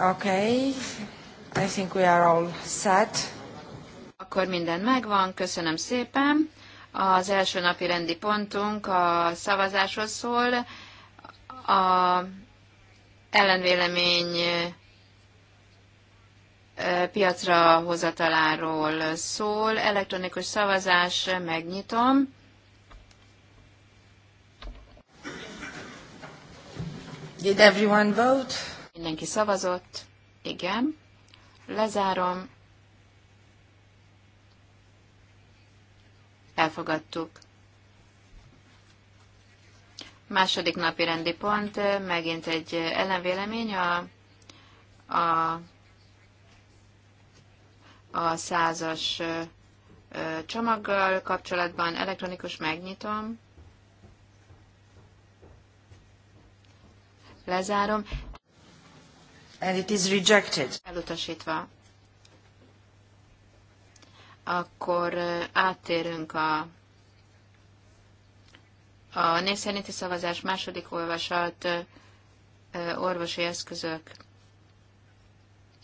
Okay, I think we are all set. Akkor minden megvan, köszönöm szépen. Az első napi rendi pontunk a szavazáshoz szól. A ellenvélemény piacra hozataláról szól. Elektronikus szavazás, megnyitom. Did everyone vote? Mindenki szavazott? Igen. Lezárom. Elfogadtuk. Második napi rendi pont, megint egy ellenvélemény a, a, a százas csomaggal kapcsolatban elektronikus megnyitom. Lezárom. And it is rejected. Elutasítva. Akkor áttérünk a a népszerinti szavazás második olvasat orvosi eszközök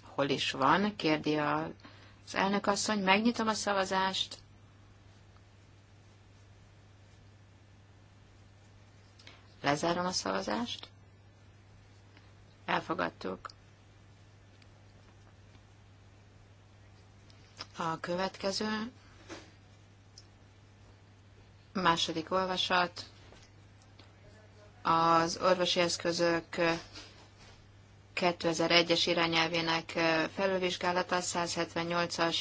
hol is van, kérdi az az asszony. Megnyitom a szavazást. Lezárom a szavazást. Elfogadtuk. A következő második olvasat az orvosi eszközök 2001-es irányelvének felülvizsgálata 178-as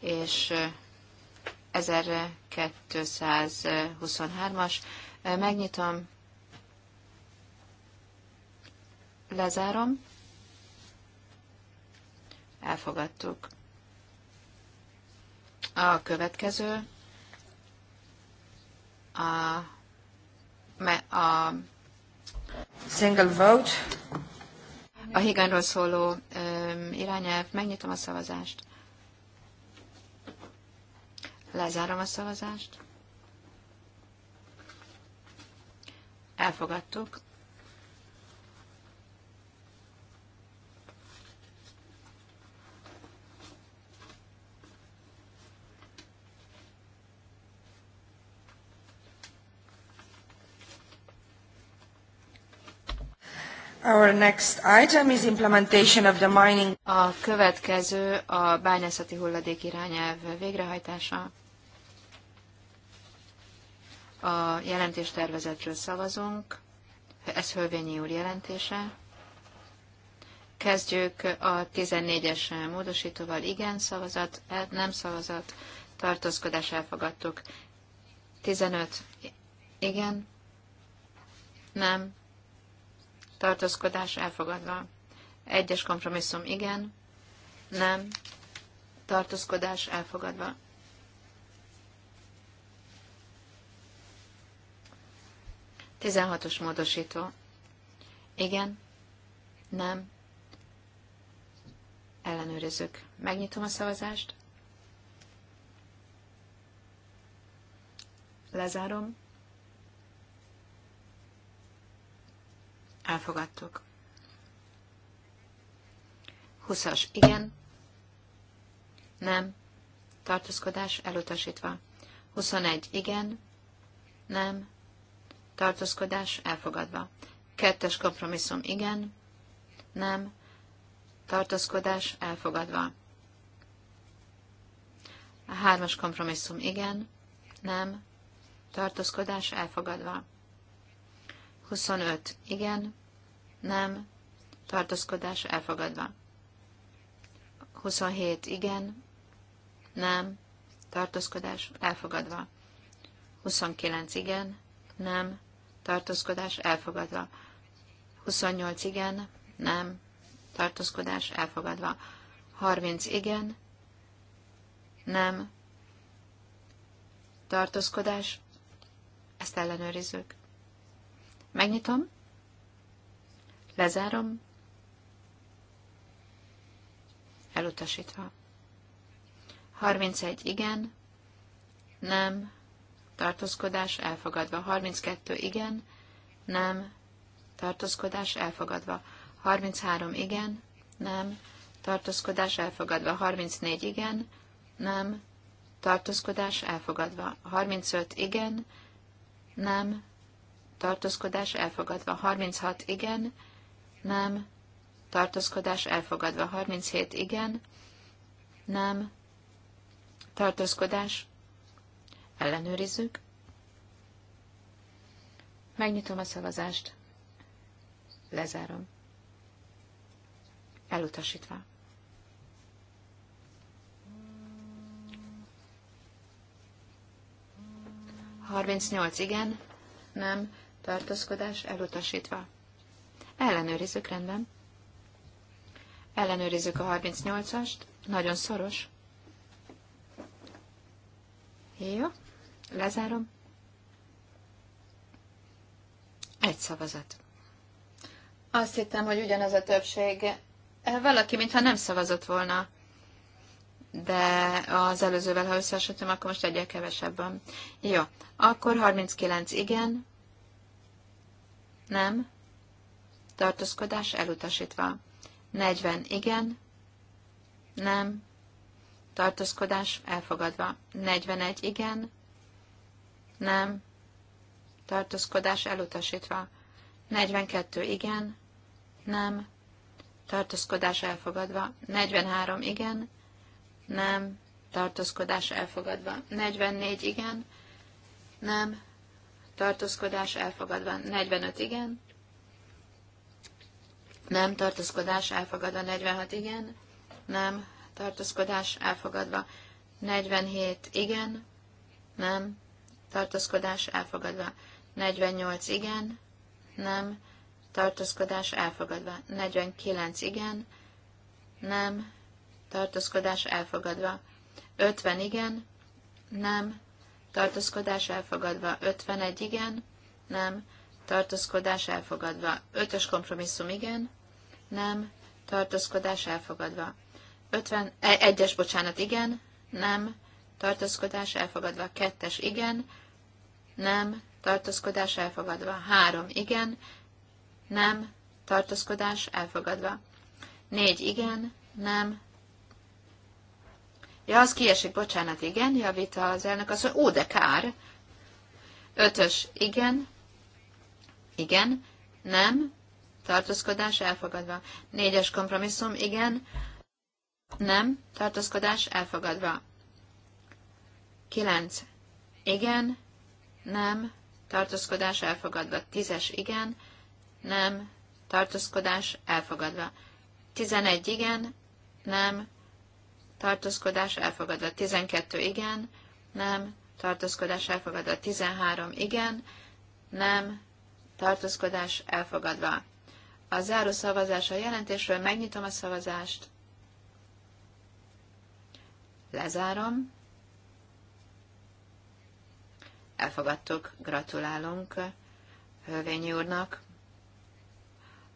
és 1223-as. Megnyitom, lezárom, elfogadtuk. A következő a, me, a single vote. A Higanról szóló um, irányelv. Megnyitom a szavazást. Lezárom a szavazást. Elfogadtuk. Our next item is implementation of the mining. A következő a bányászati hulladék irányelv végrehajtása. A jelentéstervezetről szavazunk. Ez Hölvényi úr jelentése. Kezdjük a 14-es módosítóval. Igen szavazat, e, nem szavazat, tartózkodás elfogadtuk. 15. Igen. Nem tartózkodás elfogadva. Egyes kompromisszum igen, nem, tartózkodás elfogadva. Tizenhatos módosító. Igen, nem, ellenőrizzük. Megnyitom a szavazást. Lezárom. Elfogadtuk. 20 Igen. Nem. Tartózkodás elutasítva. 21. Igen. Nem. Tartózkodás elfogadva. Kettes kompromisszum. Igen. Nem. Tartózkodás elfogadva. A hármas kompromisszum. Igen. Nem. Tartózkodás elfogadva. 25. Igen, nem, tartózkodás elfogadva. 27. Igen, nem, tartózkodás elfogadva. 29. Igen, nem, tartózkodás elfogadva. 28. Igen, nem, tartózkodás elfogadva. 30. Igen, nem, tartózkodás, ezt ellenőrizzük. Megnyitom. Lezárom. Elutasítva. 31. Igen. Nem. Tartózkodás elfogadva. 32. Igen. Nem. Tartózkodás elfogadva. 33. Igen. Nem. Tartózkodás elfogadva. 34. Igen. Nem. Tartózkodás elfogadva. 35. Igen. Nem tartózkodás elfogadva. 36 igen, nem, tartózkodás elfogadva. 37 igen, nem, tartózkodás ellenőrizzük. Megnyitom a szavazást. Lezárom. Elutasítva. Harmincnyolc igen, nem, tartózkodás elutasítva. Ellenőrizzük rendben. Ellenőrizzük a 38-ast, nagyon szoros. Jó, lezárom. Egy szavazat. Azt hittem, hogy ugyanaz a többség. Eh, valaki, mintha nem szavazott volna. De az előzővel, ha összehasonlítom, akkor most egyre kevesebb van. Jó, akkor 39 igen, nem. Tartózkodás elutasítva. 40. Igen. Nem. Tartózkodás elfogadva. 41. Igen. Nem. Tartózkodás elutasítva. 42. Igen. Nem. Tartózkodás elfogadva. 43. Igen. Nem. Tartózkodás elfogadva. 44. Igen. Nem tartózkodás elfogadva 45 igen, nem tartózkodás elfogadva 46 igen, nem tartózkodás elfogadva 47 igen, nem tartózkodás elfogadva 48 igen, nem tartózkodás elfogadva 49 igen, nem tartózkodás elfogadva 50 igen, nem tartózkodás elfogadva, 51 igen, nem, tartózkodás elfogadva, 5-ös kompromisszum igen, nem, tartózkodás elfogadva, 50, 1-es, e, bocsánat, igen, nem, tartózkodás elfogadva, 2-es, igen, nem, tartózkodás elfogadva, 3, igen, nem, tartózkodás elfogadva, 4, igen, nem, Ja, az kiesik, bocsánat, igen, javít az elnök azt, mondja, ó, de kár. Ötös, igen, igen, nem, tartózkodás elfogadva. Négyes kompromisszum, igen, nem, tartózkodás elfogadva. Kilenc, igen, nem, tartózkodás elfogadva. Tízes, igen, nem, tartózkodás elfogadva. Tizenegy, igen, nem, tartózkodás elfogadva 12 igen, nem, tartózkodás elfogadva 13 igen, nem, tartózkodás elfogadva. A záró szavazás a jelentésről, megnyitom a szavazást, lezárom, elfogadtuk, gratulálunk Hölvényi úrnak.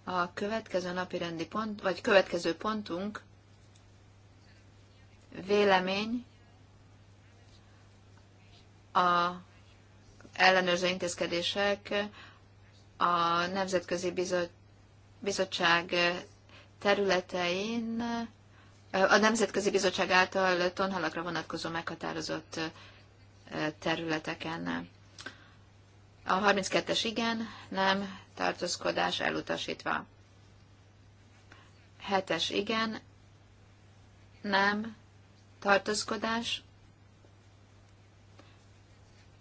A következő napi rendi pont, vagy következő pontunk vélemény a ellenőrző intézkedések a Nemzetközi Bizot, Bizottság területein a Nemzetközi Bizottság által tonhalakra vonatkozó meghatározott területeken. A 32-es igen, nem, tartózkodás elutasítva. 7-es igen, nem, tartózkodás.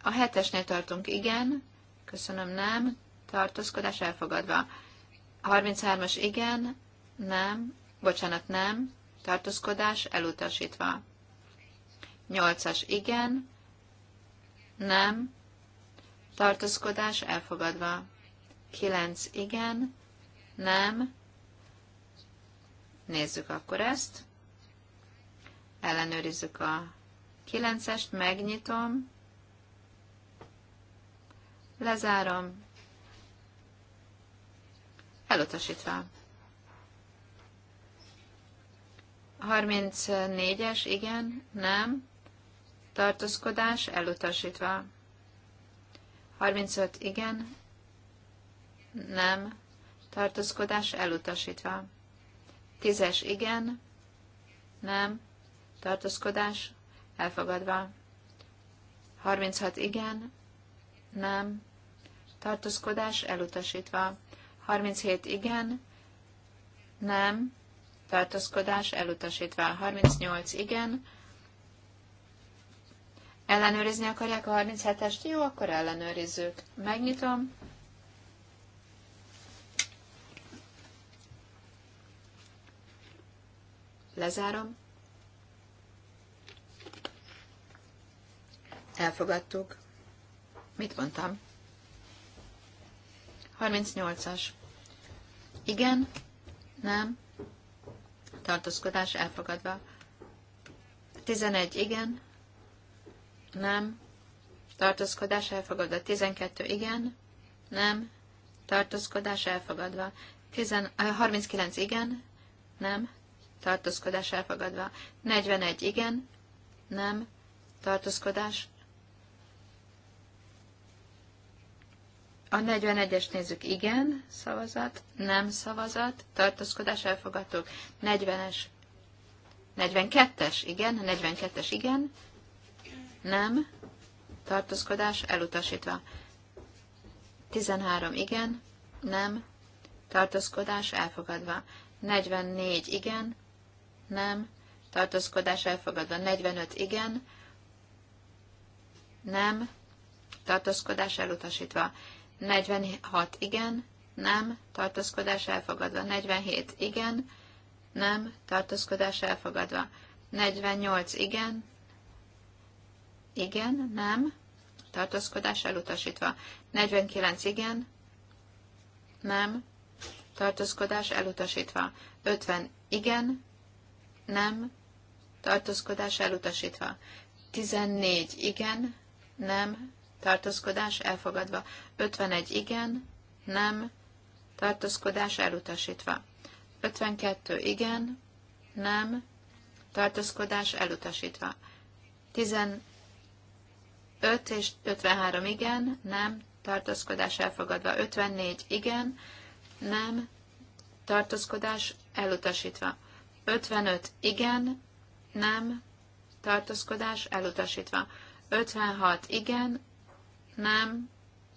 A hetesnél tartunk igen, köszönöm nem, tartózkodás elfogadva. 33-as igen, nem, bocsánat nem, tartózkodás elutasítva. 8-as igen, nem, tartózkodás elfogadva. 9 igen, nem, nézzük akkor ezt ellenőrizzük a 9-est, megnyitom, lezárom, elutasítva. 34-es, igen, nem, tartózkodás, elutasítva. 35, igen, nem, tartózkodás, elutasítva. 10-es, igen, nem, tartózkodás, elfogadva. 36 igen, nem, tartózkodás, elutasítva. 37 igen, nem, tartózkodás, elutasítva. 38 igen, ellenőrizni akarják a 37-est, jó, akkor ellenőrizzük. Megnyitom. Lezárom. Elfogadtuk. Mit mondtam? 38-as. Igen, nem, tartózkodás elfogadva. 11. Igen. Nem. Tartózkodás elfogadva. 12. Igen. Nem. Tartózkodás elfogadva. 10, 39. Igen. Nem. Tartózkodás elfogadva. 41. Igen. Nem. Tartózkodás A 41-es nézzük, igen, szavazat, nem szavazat, tartózkodás, elfogadtuk. 40-es, 42-es, igen, 42-es, igen, nem, tartózkodás, elutasítva. 13, igen, nem, tartózkodás, elfogadva. 44, igen, nem, tartózkodás, elfogadva. 45, igen, nem, tartózkodás, elutasítva. 46 igen, nem, tartózkodás elfogadva. 47 igen, nem, tartózkodás elfogadva. 48 igen, igen, nem, tartózkodás elutasítva. 49 igen, nem, tartózkodás elutasítva. 50 igen, nem, tartózkodás elutasítva. 14 igen, nem, tartózkodás elfogadva. 51 igen, nem, tartózkodás elutasítva. 52 igen, nem, tartózkodás elutasítva. 15 és 53 igen, nem, tartózkodás elfogadva. 54 igen, nem, tartózkodás elutasítva. 55 igen, nem, tartózkodás elutasítva. 56 igen, nem,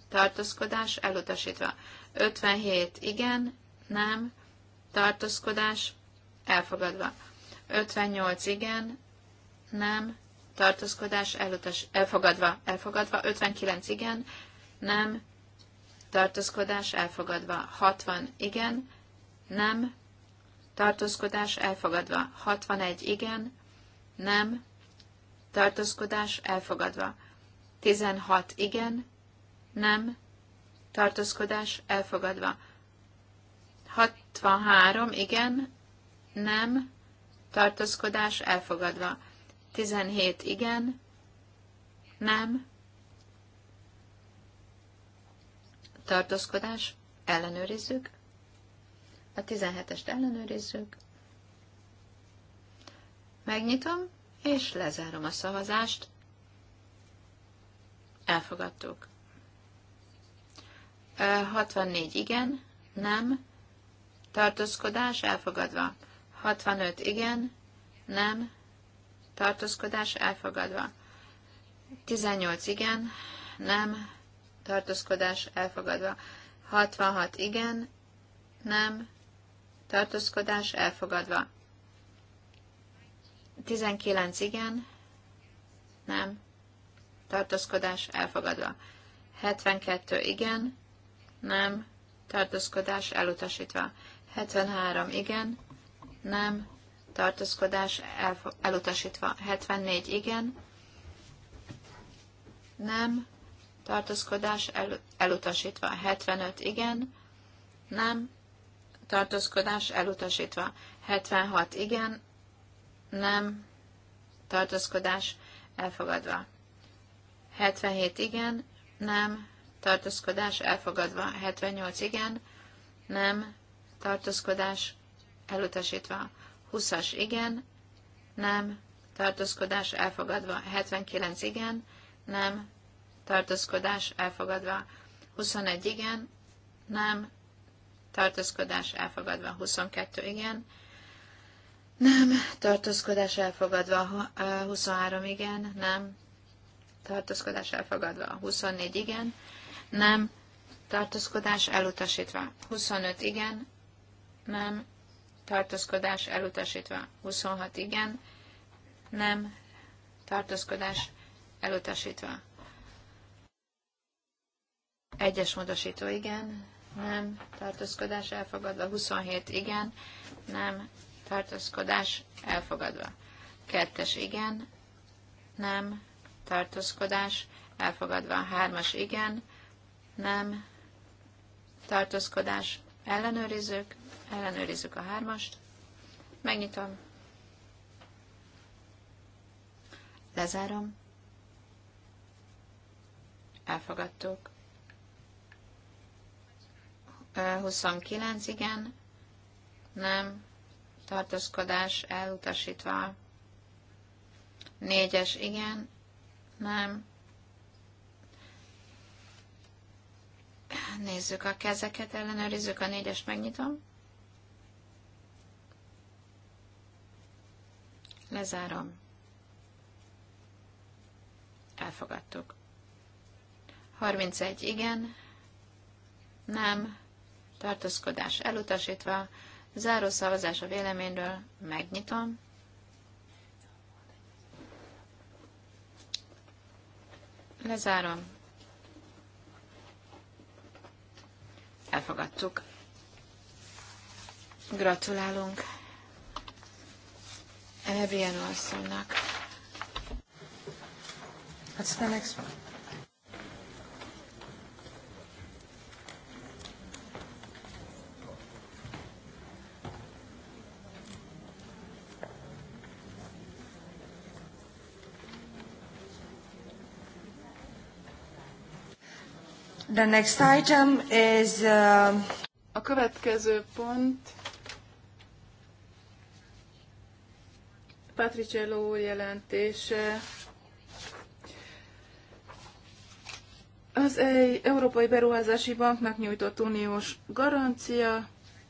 tartózkodás elutasítva. 57 igen, nem, tartózkodás elfogadva. 58 igen, nem, tartózkodás elutas, elfogadva, elfogadva. 59 igen, nem, tartózkodás elfogadva. 60 igen, nem, tartózkodás elfogadva. 61 igen, nem, tartózkodás elfogadva. 16 igen, nem, tartózkodás elfogadva. 63 igen, nem, tartózkodás elfogadva. 17 igen, nem, tartózkodás ellenőrizzük. A 17-est ellenőrizzük. Megnyitom, és lezárom a szavazást. Elfogadtuk. 64 igen, nem, tartózkodás elfogadva. 65 igen, nem, tartózkodás elfogadva. 18 igen, nem, tartózkodás elfogadva. 66 igen, nem, tartózkodás elfogadva. 19 igen, nem, tartózkodás elfogadva. 72 igen, nem, tartózkodás elutasítva. 73 igen, nem, tartózkodás elutasítva. 74 igen, nem, tartózkodás el, elutasítva. 75 igen, nem, tartózkodás elutasítva. 76 igen, nem, tartózkodás elfogadva. 77 igen, nem, tartózkodás elfogadva. 78 igen, nem, tartózkodás elutasítva. 20-as igen, nem, tartózkodás elfogadva. 79 igen, nem, tartózkodás elfogadva. 21 igen, nem, tartózkodás elfogadva. 22 igen, nem, tartózkodás elfogadva. 23 igen, nem, tartózkodás elfogadva, 24 igen, nem, tartózkodás elutasítva, 25 igen, nem, tartózkodás elutasítva, 26 igen, nem, tartózkodás elutasítva. Egyes módosító igen, nem, tartózkodás elfogadva, 27 igen, nem, tartózkodás elfogadva. Kettes igen, nem, tartózkodás, elfogadva a hármas igen, nem, tartózkodás, ellenőrizzük, ellenőrizzük a hármast, megnyitom, lezárom, elfogadtuk. 29, igen, nem, tartózkodás elutasítva. Négyes, igen, nem. Nézzük a kezeket, ellenőrizzük a négyest, megnyitom. Lezárom. Elfogadtuk. 31 igen, nem, tartózkodás elutasítva, záró szavazás a véleményről, megnyitom. Lezárom. Elfogadtuk. Gratulálunk Elebriano asszonynak. What's the next one? The next item is... Uh... A következő pont Patricello jelentése Az Európai Beruházási Banknak nyújtott uniós garancia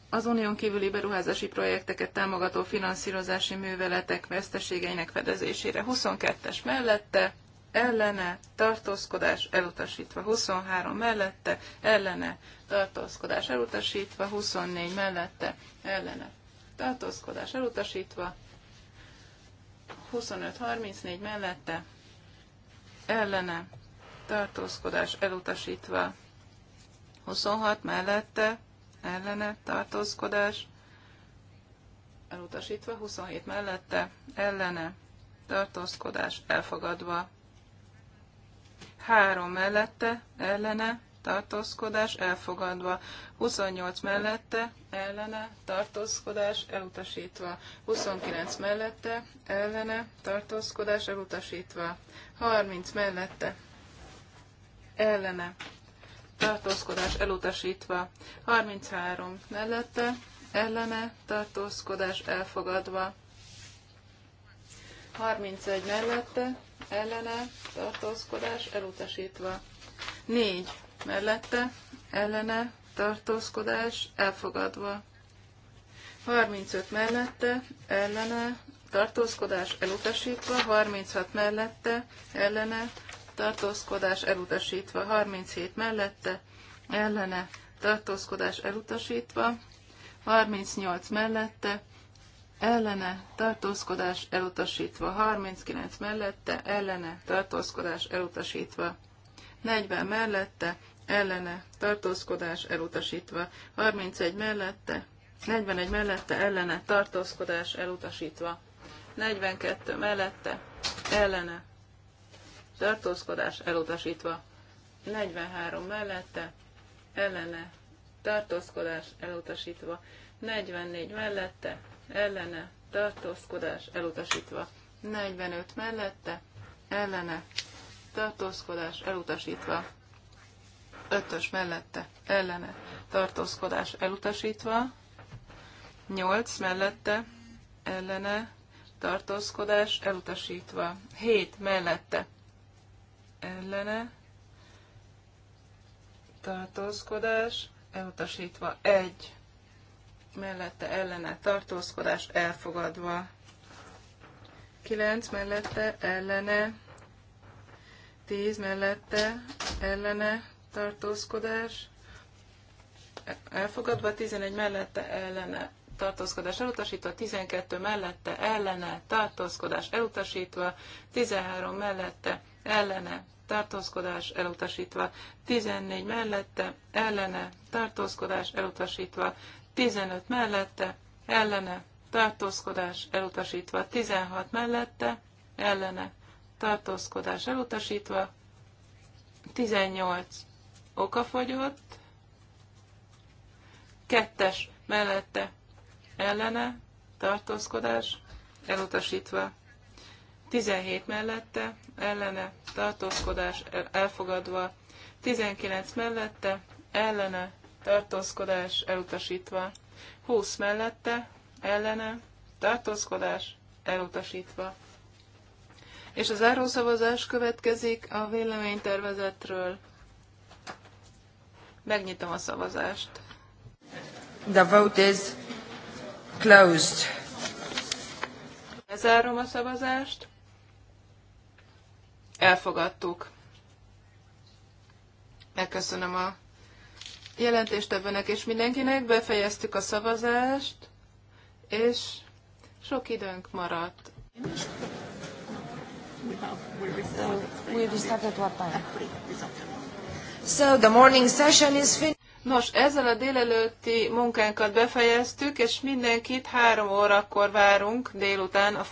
az unión kívüli beruházási projekteket támogató finanszírozási műveletek veszteségeinek fedezésére 22-es mellette ellene, tartózkodás elutasítva 23 mellette, ellene, tartózkodás elutasítva 24 mellette, ellene, tartózkodás elutasítva 25-34 mellette, ellene, tartózkodás elutasítva 26 mellette, ellene, tartózkodás elutasítva 27 mellette, ellene, tartózkodás elfogadva 3 mellette, ellene, tartózkodás elfogadva, 28 mellette, ellene, tartózkodás elutasítva, 29 mellette, ellene, tartózkodás elutasítva, 30 mellette, ellene, tartózkodás elutasítva, 33 mellette, ellene, tartózkodás elfogadva, 31 mellette, ellene, tartózkodás elutasítva. 4 mellette, ellene, tartózkodás elfogadva. 35 mellette, ellene, tartózkodás elutasítva, 36 mellette, ellene, tartózkodás elutasítva, 37 mellette, ellene, tartózkodás elutasítva, 38 mellette, ellene, ellene tartózkodás elutasítva, 39 mellette ellene tartózkodás elutasítva, 40 mellette ellene tartózkodás elutasítva, 31 mellette, 41 mellette ellene tartózkodás elutasítva, 42 mellette ellene tartózkodás elutasítva, 43 mellette ellene tartózkodás elutasítva, 44 mellette ellene, tartózkodás elutasítva. 45 mellette, ellene, tartózkodás elutasítva. 5-ös mellette, ellene, tartózkodás elutasítva. 8 mellette, ellene, tartózkodás elutasítva. 7 mellette, ellene, tartózkodás elutasítva. 1 mellette ellene tartózkodás elfogadva. 9 mellette ellene, 10 mellette ellene tartózkodás elfogadva, 11 mellette ellene tartózkodás elutasítva, 12 mellette ellene tartózkodás elutasítva, 13 mellette ellene tartózkodás elutasítva, 14 mellette, ellene, tartózkodás elutasítva, 15 mellette, ellene, tartózkodás elutasítva, 16 mellette, ellene, tartózkodás elutasítva, 18 okafogyott, kettes mellette, ellene, tartózkodás elutasítva, 17 mellette, ellene, tartózkodás elfogadva, 19 mellette, ellene, tartózkodás elutasítva, 20 mellette, ellene, tartózkodás elutasítva. És a zárószavazás következik a véleménytervezetről. Megnyitom a szavazást. The vote is closed. Lezárom a szavazást elfogadtuk. Megköszönöm a ebbenek és mindenkinek, befejeztük a szavazást, és sok időnk maradt. So the morning session is finished. Nos, ezzel a délelőtti munkánkat befejeztük, és mindenkit három órakor várunk délután a